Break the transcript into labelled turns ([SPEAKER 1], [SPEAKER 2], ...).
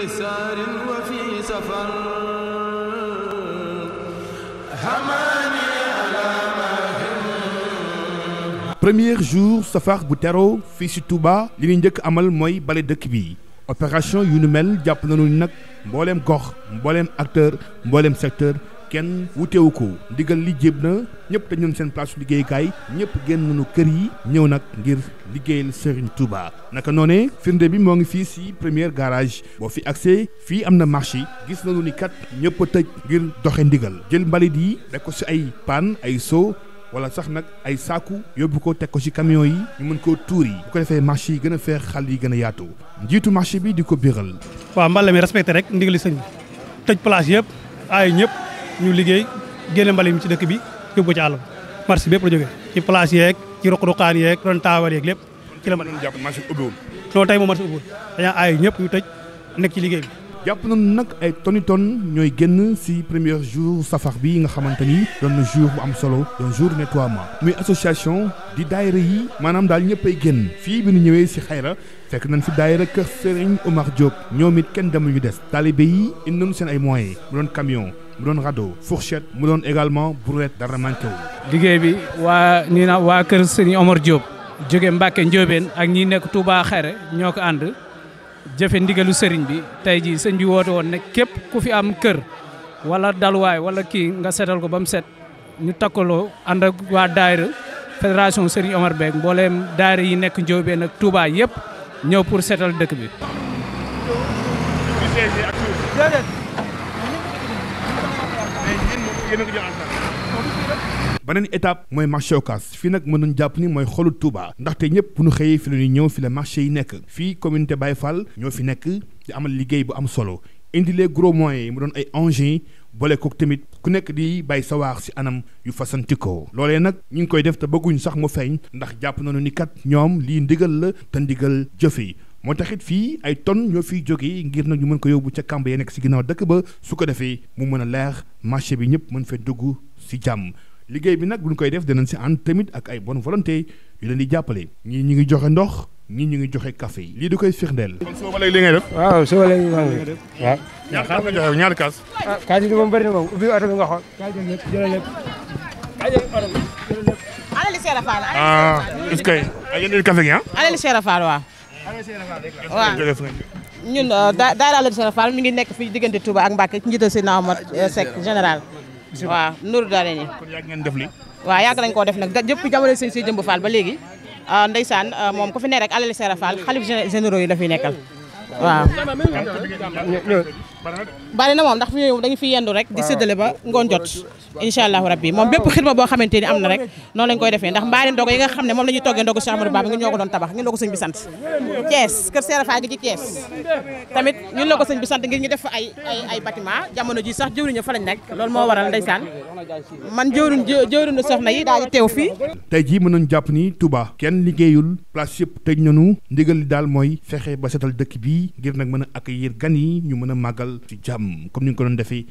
[SPEAKER 1] كل سار وفي
[SPEAKER 2] jour safar bu teroo fii si Touba li ñu njëkk amal mooy bale dëkk bi opération yu nu mel jàpp nañu nag mbooleem gox mbooleem acteur mbooleem secteur kenn wutewu ko ndigal li jéb na ñëpp te seen place liggéeykaay ñépp génn nañu kër yi ñëw nag ngir liggéeyal Serigne Touba naka noonee firnde bi moo ngi fii si première garage boo fi accès fii am na marché gis nañu ni kat ñëpp a tëj ngir doxe ndigal jël mbalit yi rek ko si ay paan ay soo wala sax nag ay saaku yóbbu ko teg ko ci camion yi ñu mën koo tuur yi ko defee marché yi gën a feex xal yi gën a yaatu njiitu marché bi di ko biiral waaw mbala mi respecté rek ndigali sëñ bi tëj place yëpp aay ñëpp ñu liggéey génne mbali mi ci dëkk bi yóbbu ko ci ci ruq-ruqaan yeeg ron taawal yeeg lépp ci la ma a jàpp marché bi ubbiwul non tey moom marché ubbiwul dañaa aay ñëpp yu tëj nekk ci liggéey bi jàpp nañu nag ay toni ton ñooy génn si premier jour safar bi nga xamante ni doon na jour bu am solo doon jour nettoiement muy association di daayira yi maanaam daal ñëppay génn fii bi nu ñëwee si xayra fekk nañ fi daayira kër Serigne Omar Diop ñoom it kenn demu ñu des taalibe yi indi nañu seen ay moyens mu doon camion mu doon rado fourchette mu doon également brouette dara manqué wu. liggéey bi waa ñi na waa kër Serigne Omar Diop jóge Mbacke Ndiobène ak ñii nekk Touba Xare ñoo ko ànd
[SPEAKER 1] jëfe ndigalu sëriñ bi tey jii sëñ bi woote woon ne képp ku fi am kër walla dalwaay wala kii nga setal ko ba mu set ñu takkaloo ànd ak waa daayira fédération Serigne Omar Beeg mbooleem daayira yi nekk Ndiobène ak tuubaa yëpp ñëw pour setal dëkk
[SPEAKER 2] bi. yéen beneen étape mooy marché Ocass fii nag mën nañu jàpp ni mooy xolu Touba ndaxte ñëpp bu ñu xëyee fi la ñuy ñëw fi la marché yi nekk fii communauté bay fal ñoo fi nekk di amal liggéey bu am solo indile les gros moyens yi mu doon ay engins boole kook tamit ku nekk di bàyyi sawaar waax si anam yu fasantikoo loolee nag ñu ngi koy def te bëgguñ sax mu feeñ ndax jàpp na ni kat ñoom lii ndigal la te ndigal jëf yi moo taxit fii ay tonnes ñoo fiy jóge ngir nag ñu mën ko yóbbu ca kàmb ya nekk si ginnaaw dëkk ba su ko defee mu mën a leer marché bi ñëpp mën fee dugg si jàmm liggéey bi nag bu ñu koy def danañ si ànd tamit ak ay bonne volonté yu leen di jàppale ñii ñu ngi joxe ndox ñii ñu ngi joxe café yi lii da koy firndeel. kon suba ba léegi li ngay def. waaw suba léegi
[SPEAKER 1] alali Cheikh Fall. Ah, waaw ñun uh, daara Alioune Sall Fall mi ngi nekk fii diggante Touba ak Mbacke ci njiital si Naama uh, Seck général waaw Nour Daara ni kon yàgg ngeen def li nañ koo def nag jëpp jamono sëñ si jëmb Fall ba léegi uh, ndeysaan moom ku fi ne rek Alioune Sall Fall xalif généraux yi la fi nekkal waaw bari na moom ndax fi dañu fi yendu rek di séddale ba ngoon jot incha allahu rabbi moom bépp xidma boo xamante ni am na rek noonu lañ koy defee ndax mbaari ndogu yi nga xam ne moom la ñuy toggee ndogu Cheikh Amadou Baba ngi ñoo ko doon tabax ngeen la ko sëñ bi kër Seera Faye gi ci Thiès tamit ñun la ko sëñ bi sant ngir ñu def fa ay ay ay bâtiment sax ji sax jëwriñu fa lañ nekk loolu moo waral ndeysaan man jëwriñ jëwriñu soxna yi daal di teew fii.
[SPEAKER 2] tey jii mën jàpp ni tubaa kenn liggéeyul place yëpp tëj nañu ndigal li daal mooy fexe ba setal dëkk bi ngir nag mën a accueillir gan yi ñu mën a màggal ci jàmm comme ni ñu ko doon defee.